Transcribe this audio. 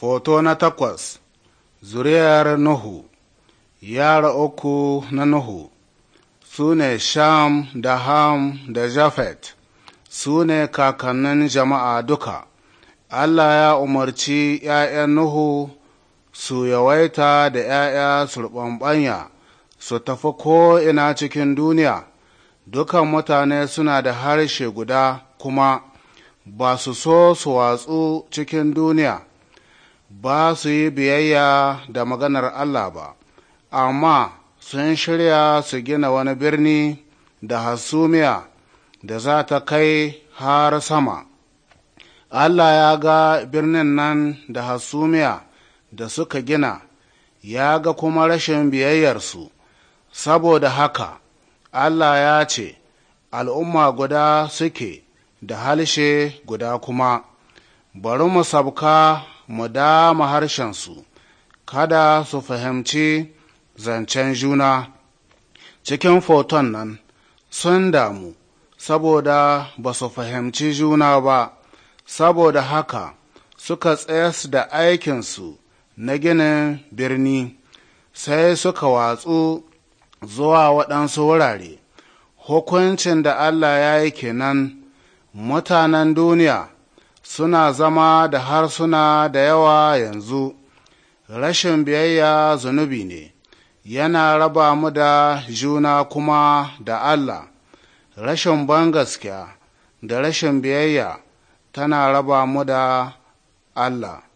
Foto na takwas Zuriyar Nuhu Yara uku na Nuhu su ne Sham da Ham da Jafet, su ne kakannin jama'a duka. Allah ya umarci ’ya'yan Nuhu su yawaita da ’ya'ya surɓanɓanya su tafi ko'ina cikin duniya, dukan mutane suna da harshe guda kuma ba su so su watsu cikin duniya. ba su yi biyayya da maganar Allah ba, amma sun shirya su gina wani birni da hasumiya da za ta kai har sama. Allah ya ga birnin nan da hasumiya da suka gina, ya ga kuma rashin biyayyarsu, saboda haka Allah ya ce, Al'umma guda suke da halshe guda kuma, bari mu sabka mu dama harshensu kada su fahimci zancen juna cikin foton nan sun damu saboda ba su fahimci juna ba saboda haka suka tsayas da aikinsu na ginin birni sai suka watsu zuwa waɗansu wurare hukuncin da allah ya yi kenan mutanen duniya suna zama da harsuna da yawa yanzu, rashin biyayya zunubi ne, yana raba mu da juna kuma da Allah, rashin ban gaskiya da rashin biyayya tana raba mu da Allah.